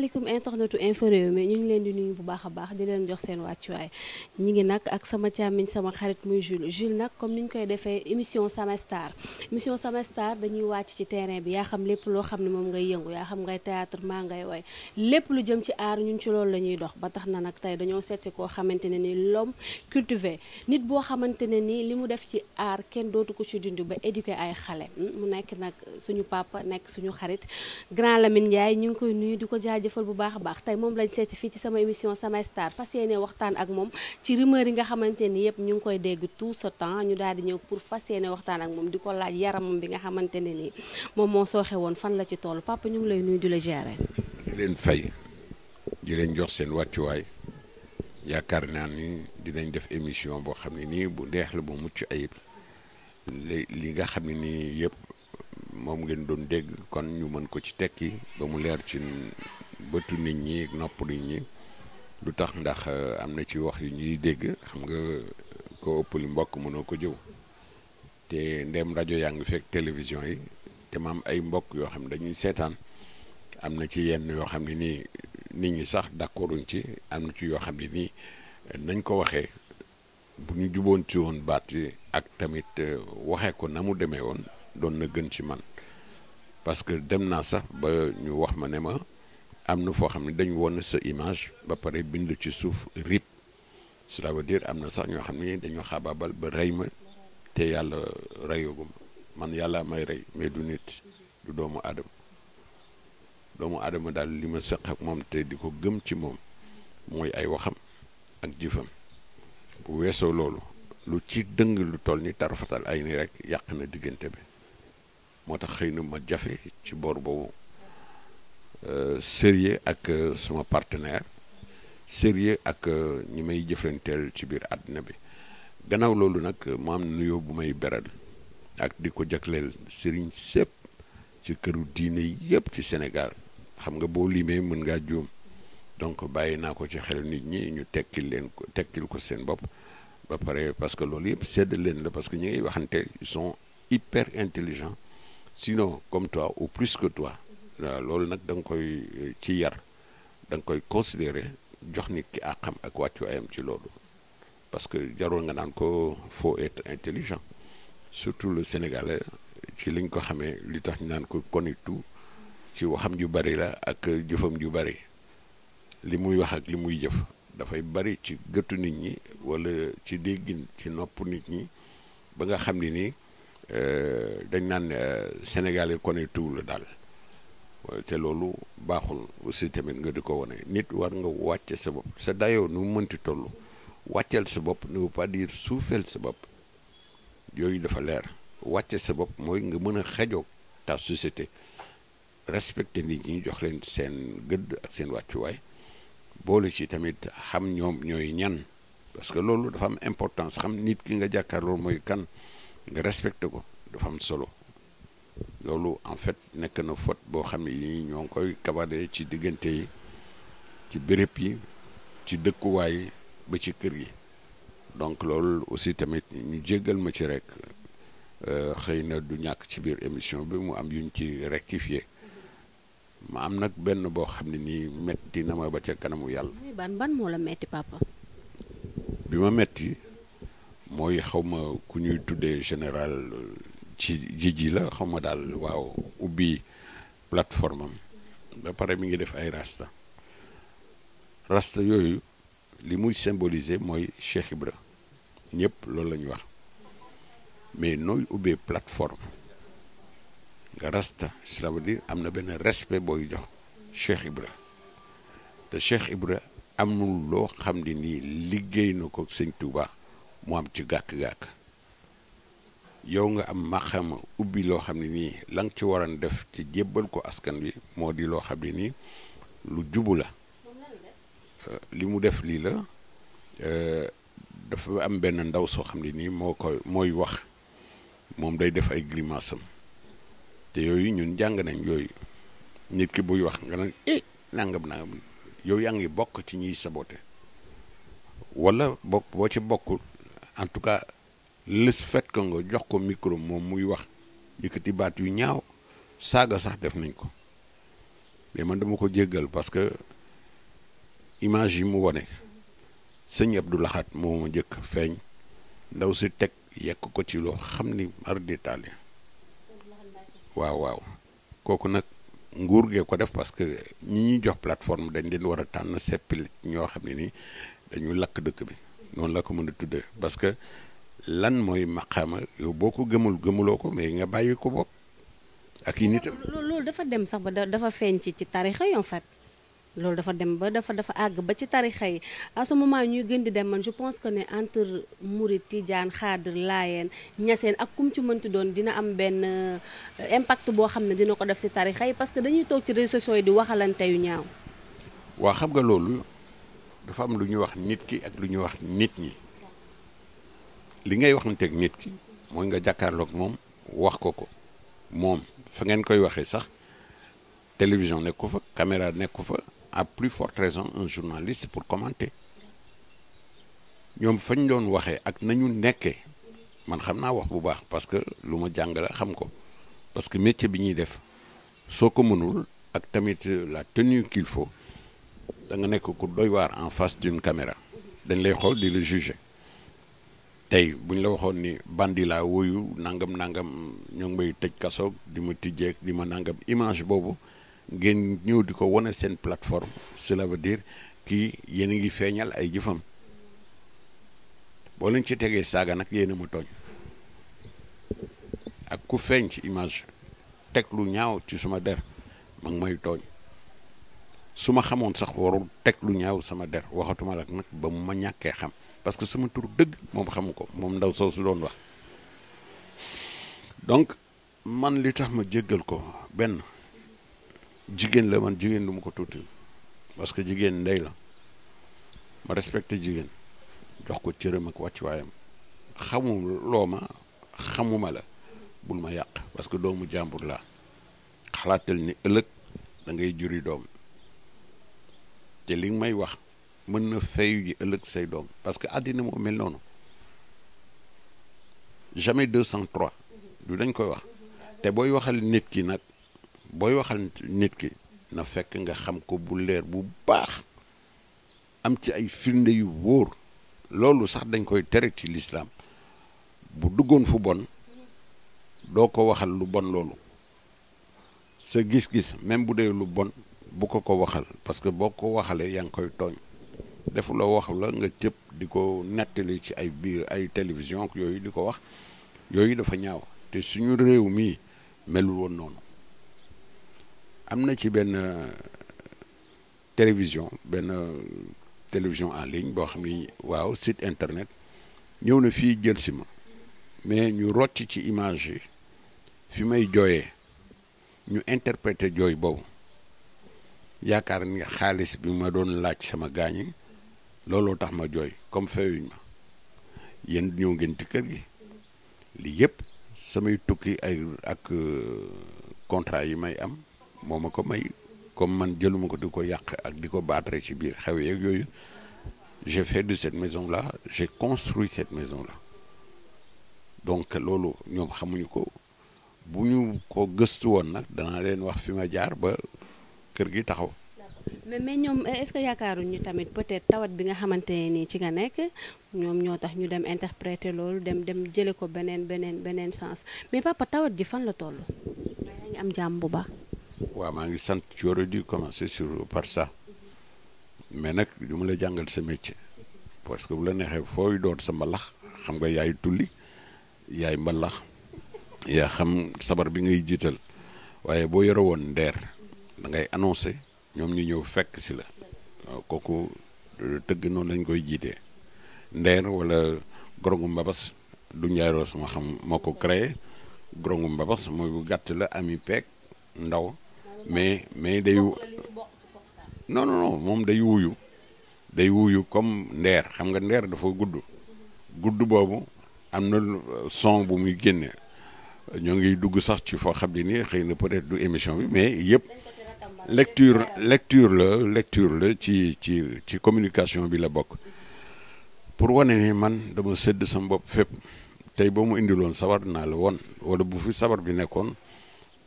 asalaamaaleykum internetu info réew mi ñu a baax di leen jox seen wàccuwaay ñi ngi nag ak sama càmmiñ sama xarit muy Jules Jules nag comme ni ñu koy defee émission wàcc ci terrain bi yaa xam lépp loo xam ne moom ngay yëngu yaa xam ngay théâtre maa ngay way lépp lu jëm ci aar ñun ci loolu la ñuy dox ba tax na nag tey dañoo seet koo xamante ne ni l'homme cultivé nit boo xamante ne ni li mu def ci aar kenn dootu ko ci dund ba éduquer ay xale mu nekk nag suñu papa nekk suñu xarit grand Lamine Ndiaye ñu ngi koy nuyu di ko jaajëf jaajëfal bu baax a baax tey moom lañ seeti fii ci sama émission Sama Star fas yéene waxtaan ak moom ci rumeur yi nga xamante ni yëpp ñu ngi koy dégg tout ce temps ñu daal di ñëw pour fas yéene waxtaan ak moom di ko laaj yaram bi nga xamante ne nii moom moo sooxe woon fan la ci toll papa ñu ngi lay nuyu di la gérer. di fay di leen jox seen wàccuwaay yaakaar naa dinañ def émission boo xam ne nii bu neex la bu mucc ayib li nga xam ne yëpp. moom ngeen doon dégg kon ñu mën ko ci tekki ba mu leer ci bëtu nit ñi nopp nit ñi lu tax ndax euh, am na ci wax yu ñuy dégg xam nga ko ëpp li mbokk mënoo ko jëw te ndem rajo yaa ngi fekk télévision yi te ma am ay mbokk yoo xam ne dañuy seetaan am na ci yenn yoo xam ne nii nit ñi sax d'accorduñ ci am ci yoo xam ne nii nañ ko waxee bu ñu juboon ci woon baat yi ak tamit euh, waxee ko na mu demee woon doon na gën ci man parce que dem naa sax ba ñu wax ma ne ma amna fo xamni dañ ne sa image ba pare bind ci souf RIP cela veut dire amna sax ño xamni ne dañoo xaabaabal ba rey ma te yàlla rayoguma man yàlla may ray mais du nit du doomu adam doomu adam dal lima sax ak mom te diko gëm ci mom moy ay waxam ak jifam bu wesso lolu lu ci deung lu toll ni tarfatal ay ni rek yàq na diggante bi moo tax ma jafe ci bor bobu Euh, sérieux avec euh, son partenaire sérieux ak euh, ñi may jëflanteel ci biir àddina bi gannaaw loolu nak mo am nuyoo bu may beral ak diko ko jagleel sëriñ sépp ci këru diine yëpp ci Sénégal xam nga bo limé mën nga juum donc bàyyi naa ko ci xel nit ñi ñu tekkil len ko tekkil ko sen bop ba paré parce que loolu yëpp sedd len la parce que ñi ngi waxanté ils sont hyper intelligents sinon comme toi ou plus que toi waaw loolu nag da koy eh, ci yar da koy considérer jox nit ki àqam ak wàccu ayam ci loolu parce que jarul nga naan ko faut être intelligent surtout le sénégalais ci liñ ko xamee li tax ñu naan ko connaît ci waxam ju bari la ak jëfam ju bari li muy wax ak li muy jëf dafay bari ci gëttu nit ñi wala ci déggin ci noppu nit ñi ba nga xam ni ni eh, dañ naan eh, sénégalais connaît tout la daal te loolu baxul aussi tamit nga diko woné nit war nga waccé sa bop sa dayo nu mënti tollu waccel sa bop ne veut pas dire suufeel sa bop yoy dafa lèr waccé sa bop moy nga mën a ta société respecté nit ñi jox leen seen gëdd ak seen wàccuwaay boole ci tamit xam ñom ñoy ñan parce que loolu dafa am importance xam nit ki nga jàkkaarloo moy kan nga respecté ko dafa am solo loolu en fait nekk na fot boo xam ne yii ñoo koy kabade ci diggante yi ci béréb yi ci dëkkuwaay yi ba ci kër yi donc loolu aussi tamit ñu jéggal ma ci rek euh, xëy na du ñàkk ci biir émission bi mu am yuñ ci rectifier ma am nag benn boo xam ne nii metti na ma ba ca kanamu yàlla. ban ban bi ma metti mooy xaw ma ku ñuy tuddee général. ci jiji la xaw ma daal waaw ubbi plateforme am ba pare mi ngi def ay rasta rasta yooyu li muy symboliser mooy Cheikh Ibra ñëpp loolu la ñu wax mais nooy ubbee plateforme nga rasta cela veut dire am na benn respect booy jox Cheikh Ibra te Cheikh Ibra amul loo xam ne nii liggéey na ko sëñ Touba mu am ci gàkk-gàkk yow nga am maxam ubi loo xam ne nii la ci waroon def ci jébbal ko askan bi moo di loo xam ne nii lu jubu la euh, li def lii la euh, dafa am benn ndaw soo xam ne nii moo koy mooy wax moom day def ay grimace te yooyu ñun jàng nañ yooyu nit ki buy wax nga naan eh nangam nangam yow yaa ngi bokk ci ñiy sabote wala bok boo ci bokkul en tout cas le fait ko nga jox ko micro moom muy wax yëkkati baat yu ñaaw saaga sax def nañ ko mais man dama ko jéggal parce que image yi mu wone sëñ Abdou Lahad moo ma njëkk feeñ ndaw si teg yekk ko ci loo xam ni mar détaillé waaw waaw kooku nag nguur gee ko def parce que ñi ñuy jox plateforme dañ leen war a tànn seppil ñoo xam ne ni dañuy lakk dëkk bi noonu la ko mën a tuddee que lan moy maqama yow boko gemul gëmul me mais nga bàyyi ko Lulul, ak yi nitam dafa dem sax ba dafa feñ ci ci tarixa yon fat dafa dem ba dafa dafa ag, ba ci tarixa yi a ce moment ñuy gën di dem man je pense que né entre murid tidiane xaadir layen ñaseen ak kum ci mënti doon dina am ben euh, impact bo xamné dina ko def ci tarixa yi parce que dañuy tok ci réseaux sociaux di waxalante yu ñaaw wa xam nga loolu dafa am lu ñu wax nit ki ak lu ñu wax nit ñi li ngay nit nga wax fa télévision nekku caméra à plus forte raison un journaliste pour commenter Nous, fañ doon waxee ak nañu man wax bu parce que lu ma la xam parce que métier bi def la tenue qu'il faut da nga en face d'une caméra dañ lay xool di le juger tey bu ñu la waxoon ni bandi laa wuyu nangam nangam ñu ngi may tëj kasoog di ma tijjeeg di ma nangam image boobu ngeen ñëw di ko wane seen plateforme cela veut kii yéen a ngi feeñal ay jëfam boo leen ci tegee saaga nag yéen a ma tooñ ak ku feeñ ci image teg lu ñaaw ci suma der ma ngi may tooñ su ma xamoon sax warul teg lu ñaaw sama der waxatuma lak nag ba mu ma ñàkkee xam parce que sama tur dëgg moom xamu ko moom ndaw soosu doon wax donc man li tax ma jéggal ko benn jigéen la man jigéen lu ma ko tuuti parce que jigéen ndey la ma respecté jigéen jox ko cëram ak wàccuwaayam xamu loo ma xamuma la bul ma yàq parce que doomu jàmbur laa xalaatal ni ëllëg da ngay juri doom te li may wax mën na fayu ji ëllëg say doom parce que àddina moo mel noonu jamais deux sans du dañ koy wax te booy waxal nit ki nag booy waxal nit ki na fekk nga xam ko bu leer bu baax am ci ay firnde yu wóor loolu sax dañ koy tere ci lislaam bu duggoon fu bon doo ko waxal lu bon loolu sa gis-gis même bu dee lu bon bu ko ko waxal parce que boo ko waxalee yaa ngi koy tooñ defu lo wax la nga tepp diko ko ci ay biir ay télévision yooyu yoyu diko wax yoyu dafa ñaaw te suñu réew mi melul won non amna ci ben télévision ben télévision en ligne bo xamni ni waaw site internet ñëw na fii jël si ma mais ñu rocc ci image fi may joyé ñu interpréter joy boobu yaakaar nga xaalis bi ma doon laaj sama gaañi looloo tax ma joy comme feewuñ ma yéen ñew ngeen ci kër gi li yépp samay tukki ay ak euh, contrat yi may am moma ko may comme man jëluma ko diko ko yàq ak diko battre ci biir xew yeeg yooyu j'ai fait de cette maison là j'ai construit cette maison là donc loolu ñoom xamuñu ko bu ñu ko gëstu woon nag danaa leen wax fi ma jaar ba kër gi taxaw mais mais ñoom euh, est-ce que yaakaaruñu tamit peut-être bi nga xamante ne nii ci nga nekk ñoom ñoo tax ñu dem interpréter loolu dem dem jële ko beneen beneen beneen sens mais papa tawat ji fan la toll. yaa ngi am bu baax. waaw maa ngi sant tu aurais dû commencer sur par ça mais nag du ma la jàngal sa métier parce que bu la neexee fooy doon sa mbalax xam nga yaay tulli yaay mbalax yaa xam sabar bi ngay jiital waaye boo yore woon ndeer da ngay annoncer. ñom ñu ñëw fekk ci la koku kooku euh, non lañ koy jité ndeer wala gorongu mbabas du xam créé bu ami ndaw mais mais day non non non mom day wuyu day wuyu comme ndeer xam nga ndeer dafa gudd gudd bobu le son bu muy dugg sax ci ne peut-être du émission mais lecture lecture la lecture la ci ci ci communication bi la bokk pour wane ni man dama sedd sa mbopp fépp tey boo mu indiloon sabar naa la woon wala bu fi sabar bi nekkoon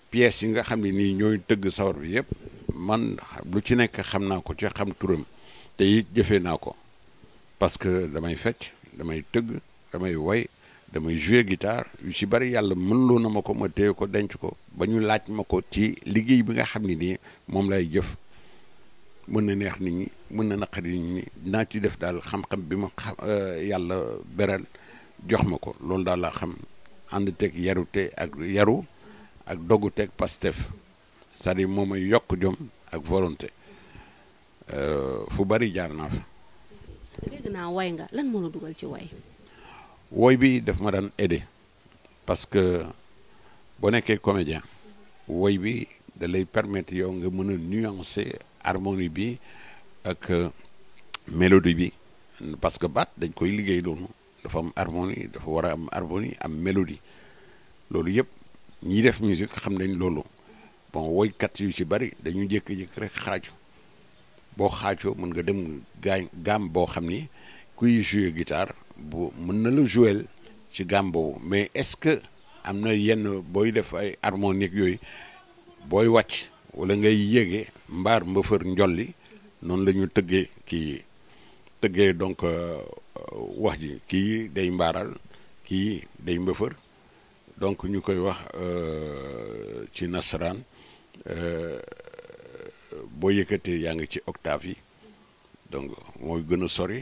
pièces yi nga xam ne nii ñooy tëgg sabar bi yëpp man lu ci nekk xam naa ko ci xam turam te it jëfee naa ko parce que damay fecc damay tëgg damay woy damay jouer guitare yu ci bari yàlla mënloo na ma ko ma téye ko denc ko ba ñu laaj ma ko ci liggéey bi nga xam ne nii moom lay jëf mën na neex nit ñi mën na naqari nit ñi naa ci def daal xam-xam bi ma xam euh, yàlla beral jox ma ko loolu daal la xam ànd teg yarute ak yaru ak doggu teg pastef c'est-à-dire moo may yokk jom ak volonté euh, fu bari jaar naa fa. woy bi daf ma daan aider parce que boo nekkee comédien woy bi da lay permettre yow nga mën a nuancer harmonie bi ak euh, mélodie bi parce que baat dañ koy liggéey loolu dafa am harmonie dafa war a am harmonie am mélodie loolu yëpp ñiy def musique xam nañ loolu bon woy kat yu ci bari dañu jékki-jékki rek xaaju boo xaajoo mën nga dem gaañ gaam boo xam ni kuy jouer guitare bu mën na la jouer ci gambo mais est-ce que am na yenn booy def ay harmonique yooyu booy wàcc wala ngay yéege mbaar mbëfër njolli noonu la ñu tëggee kii tëggee donc euh, euh, wax ji kii day mbaaral kii day mbëfër donc ñu koy wax euh, ci nasaraan boo yëkkatee yaa ngi ci octave yi donc mooy gën sori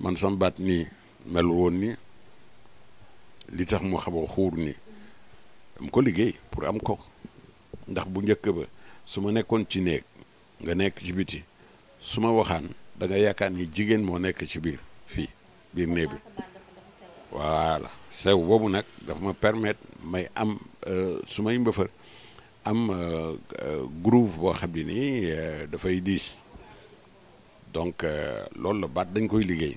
man sama baat nii melul woon ni li tax mu xaw xuur ni am ko liggéey pour am ko ndax bu njëkk ba su ma nekkoon ci néeg nga nekk ci biti su ma waxaan da nga yaakaar ni jigéen moo nekk ci biir fii biir néeg bi voilà sew boobu nag dafa ma permettre may am euh, su may mbëfër am euh, euh, groove boo xam ne nii dafay diis donc loolu la baat dañ koy liggéey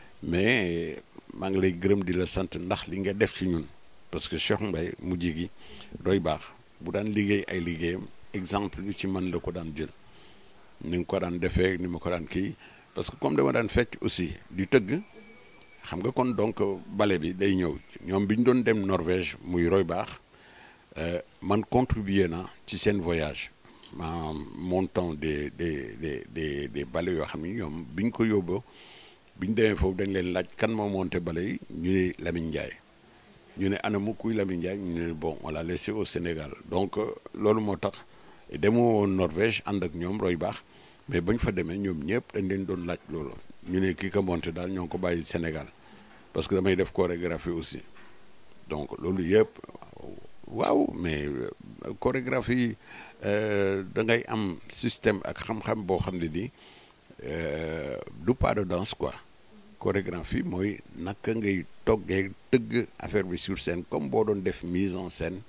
mais maa ngi lay gërëm di la sante ndax li nga def ci ñun parce que Cheikh mbay mujj gi doy bax bu daan liggéey ay liggéeyam exemple lu ci man la ko daan jël ni nga ko daan defee ni ma ko daan ki parce que comme dama daan fecc aussi di teug xam nga kon donc bale bi day ñëw ñom biñ doon dem Norvège muy roy bax euh, man contribuer na ci sen voyage en montant des des des des des bale yoo xam ni ñoom ko yóbboo bi ñu le dañ leen laaj kan monté Lamine ñu anamu kuy Lamine Ndiaye ñu bon on l'a laissé au Sénégal donc euh, lolu tax Norvège roy mais fa ils ñom ñëpp dañ leen doon laaj ñu ne monté Sénégal parce que damay def chorégraphie aussi donc lolu yépp waaw mais euh, chorégraphie euh, da ngay am système ak xam-xam Euh, du pas de danse quoi chorégraphie mooy naka ngay toggee tëgg affaire bi sur scène comme boo doon def mise en scène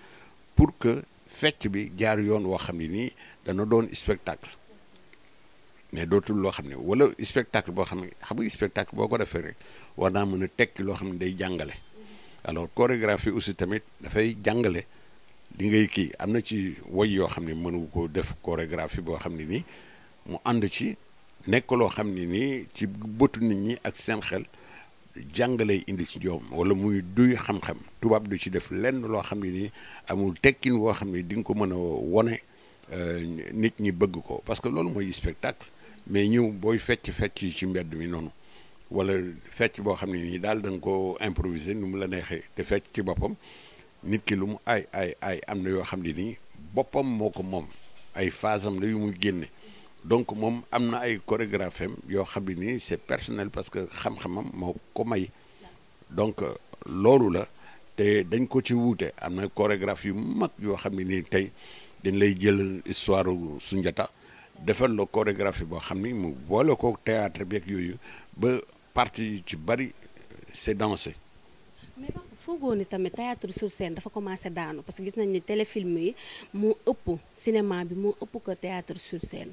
pour que fecc bi jaar yoon woo xam ne nii dana doon spectacle mais dootul loo xam ne wala spectacle boo xam ne xam nga spectacle boo ko defee rek war naa mën a tekki loo xam ne day jàngale alors chorégraphie aussi tamit dafay jàngale li ngay kii am na ci woy yoo xam ne mënu ko def chorégraphie boo xam ne nii mu ànd ci nekk loo xam ni nii ci bëtu nit ñi ak seen xel jàngalay indi ci joom wala muy duy xam-xam tubaab du ci def lenn loo xam ne nii amul tekkin woo xam ne di ko mën a wone euh, nit ñi bëgg ko parce que loolu mooy spectacle mais ñu booy fecc fecc ci mbedd mi noonu wala fecc boo xam ne nii daal da nga ko improviser nu mu la neexee te fecc ci boppam nit ki lu mu ay ay ay am na yoo xam ne nii boppam moo ko moom ay phase am la yu muy génne donc mom amna ay chorégraphe yo xamni c'est personnel parce que xam-xamam moo ko may donc euh, loolu la té dañ ko ci wouté amna chorégraphe yu mag yo xamni ne nii dañ lay jël histoire Sunjata defal le chorégraphie boo xam ni mu boole ko théâtre ak yoyu ba parti ci bari euh, c'est dansé. mais foogoo ni tamit théâtre sur scène dafa commencé daanu parce que gis nañ ni téléfilm yi moo ëpp cinéma bi moo ëpp que théâtre sur scène.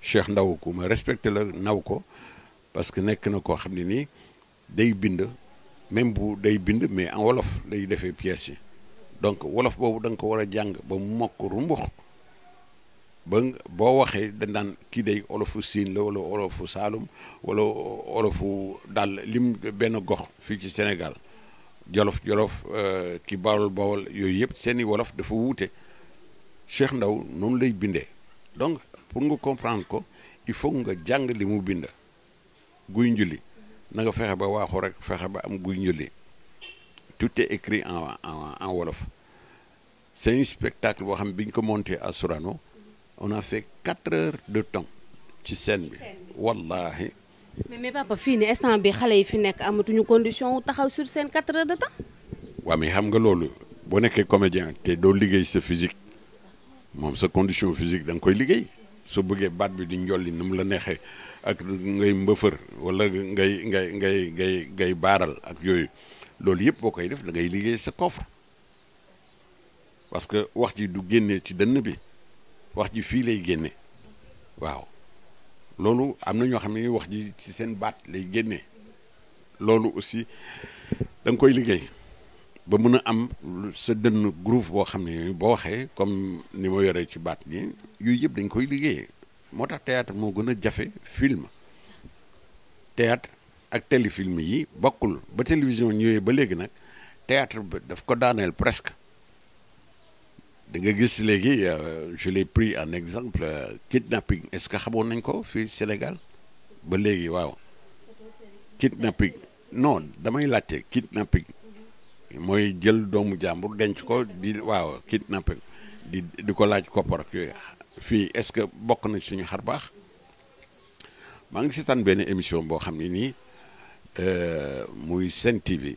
Cheikh Ndaw ku ma respecté la naw parce que nek na koo xam ne day bind même bu day bind mais en wolof day défé pièces donc wolof bobu da nga ko war a ba mokk rumbux ba bo waxee dañ dan ki day olofu siin la wala olofu saalum wala olofu dal lim ben gox fi ci Sénégal jolof jolof euh, ki barul bawol yoy yëpp seeni wolof dafa wouté Cheikh Ndaw noonu lay bindé donc pour comprendre ko il faut nga jàng li mu bind guy njulli na nga fexé ba waxu rek fexé ba am guy tout est écrit en en en wolof c'est un spectacle bo xam biñ ko monté à Sorano on a fait quatre heures de temps ci scène bi wallahi mais mais papa fini instant bi xalé yi fi nekk amatuñu condition taxaw sur scène quatre heures de temps. wa mais xam nga lolu bo nekkee comédien té do liggéey sa physique mom sa condition physique dang koy liggéey. soo bëggee baat bi di njolli nu mu la neexee ak ngay mbëfër wala ngay ngay ngay ngay ngay baaral ak yooyu loolu yëpp boo koy def da ngay liggéey sa coffre parce que wax ji du génnee ci dënn bi wax ji fii lay génne waaw loolu am na ñoo xam ne wax ji ci seen baat lay génnee loolu aussi da koy liggéey ba mun a am sa dënn groove boo xam ne boo waxee comme ni ma yoree ci baat ni yooyu yëpp dañ koy liggéeyee moo tax théâtre moo gën a jafe film théâtre ak téléfilm yi bokkul ba télévision ñëwee ba léegi nag théâtre bi daf ko daaneel presque da nga gis léegi euh, je l'ai pris en exemple euh, kidnapping est-ce que xamoon nañ ko fii Sénégal ba léegi waaw kidnapping non damay laajte kidnapping mooy jël doomu jàmbur denc ko di waaw kidnapping di di ko laaj koppar ak yooyu fii est-ce que bokk na suñu xar baax maa ngi seetaan benn émission boo xam ne nii euh, muy Sen TV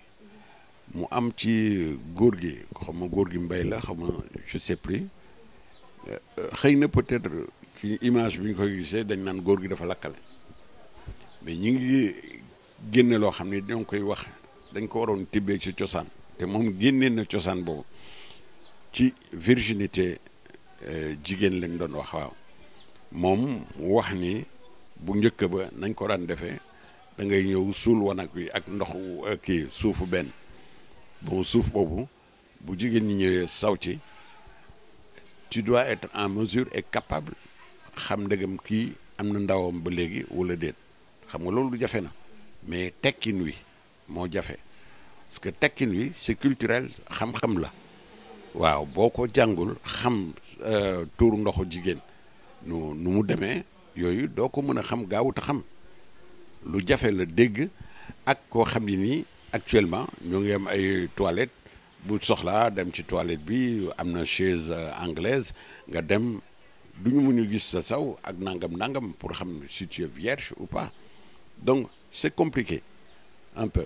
mu am ci góor gi xam ma góor gi mbay la xam nga je plus euh, xëy na peut-être ci image bi ñu koy gisee dañ naan góor gi dafa lakkale mais ñu ngi génne loo xam ne dañ koy wax dañ ko waroon tibbee ci cosaan moom génnee na cosaan boobu ci virginité euh, jigéen lañ doon wax waaw moom wax ni bu njëkk ba nañ ko daan defee da ngay ñëw suul wanag wi ak ndox euh, kii suufu benn bon suuf boobu bu jigéen ñi ñëwee saw ci tu dois être en mesure et capable xam ndegam kii am na ndawam ba léegi wala déet xam nga loolu jafe na mais tekkin wi moo jafe parce que tekkin wi c'est culturel xam-xam la waaw boko jangul xam euh tour ndoxu jigen nu nu mu doko meuna xam Nous ta xam lu jafé ak ni actuellement ñu ngi am ay toilettes bu soxla dem ci toilette bi amna chaise euh, anglaise nga dem gis pour xam si tu vierge ou pas donc c'est compliqué un peu.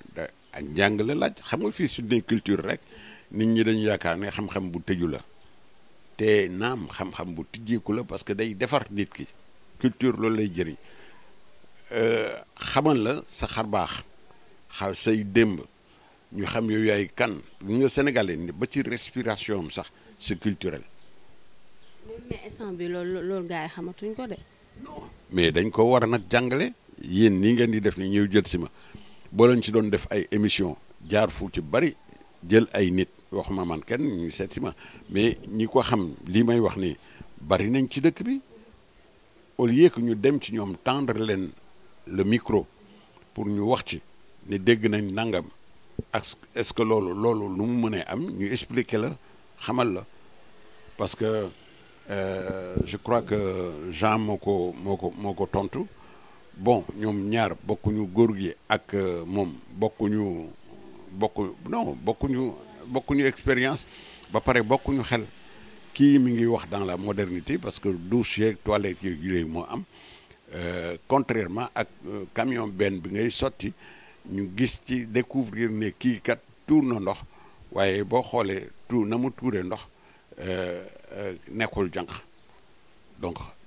ak njàng la laaj xam nga fii su dee culture rek nit ñi dañu yaakaar ne xam-xam bu tëju la te naam xam-xam bu tijjeeku la parce que day defar nit ki culture loolu lay jëriñ euh, xamal la sa xar baax xaw say démb ñu xam yow yaay kan ñu nga sénégalais ba ci respiration am sax c'est culturel. mais bi loolu loolu ko mais dañ ko war a nag jàngale yéen nii ngeen di def ni ñëw jël si ma. boo leen ci doon def ay émission jaar fu ci bari jël ay nit waxuma man kenn ñu seet ma mais ñi ko xam lii may wax ni bari nañ ci dëkk bi au lieu que ñu dem ci ñoom tendre leen le micro pour ñu wax ci ne dégg nañ nangam ak est-ce que loolu loolu nu mu mënee am ñu expliquer la xamal la parce que euh, je crois que Jean moo ko moo ko moo ko tontu bon ñom ñaar bokkuñu góor gi ak euh, mom bokku ñu bokku non bokku ñu bokku ñu expérience ba paré bokku ñu xel ki mi ngi wax dans la modernité parce que douche et toilette yi yooyu moo am euh, contrairement ak euh, camion ben bi ngay soti ñu gis ci découvrir né ki kat tour na ndox waaye bo xolé tour na mu touré ndox euh nekkul jànq donc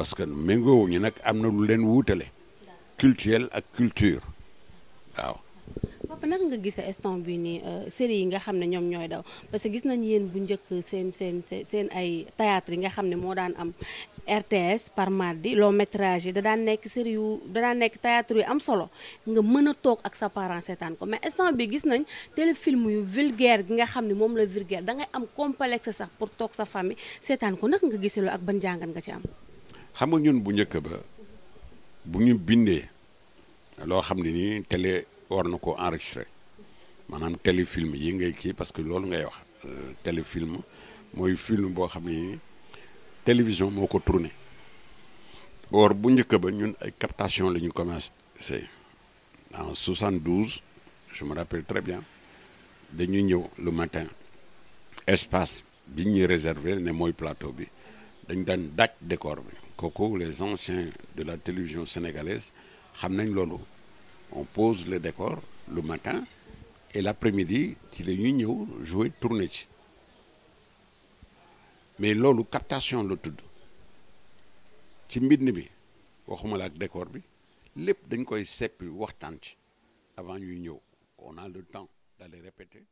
parce que méngoo ñu nag am na lu leen wuutale culturel ak culture waaw. papa naka nga gis instant bi nii euh, série yi nga xam ne ñoom ñooy daw parce que gis nañ yéen bu njëkk seen seen seen ay théâtre yi nga xam ne moo daan am RTS par mardi long métrage yi da nekk série yu da nekk théâtre yu am solo nga mën a toog ak sa parent seetaan ko mais instant bi gis nañ téléfilm yu vulgaire gi nga xam ne moom la vulgaire da ngay am complexe sax pour toog sa famille seetaan ko naka nga gisee loolu ak ban jàngat nga ci am. xam ñun bu ba bu ñu télé war ko téléfilm yi parce que loolu ngay wax euh, téléfilm mooy film boo xam télévision ko or bu ñëkk ba ñun ay captation la en 72 je me rappelle très bien nous ñëw le matin espace bi réservé ne plateau bi dañ daan décor Coco, les anciens de la télévision sénégalaise, on pose le décor le matin et l'après-midi, il est jouer tourner. Mais lolo captation le tout. ci mbind bi waxuma la le décor bi lepp dañ koy waxtan ci avant ñuy on a le temps d'aller répéter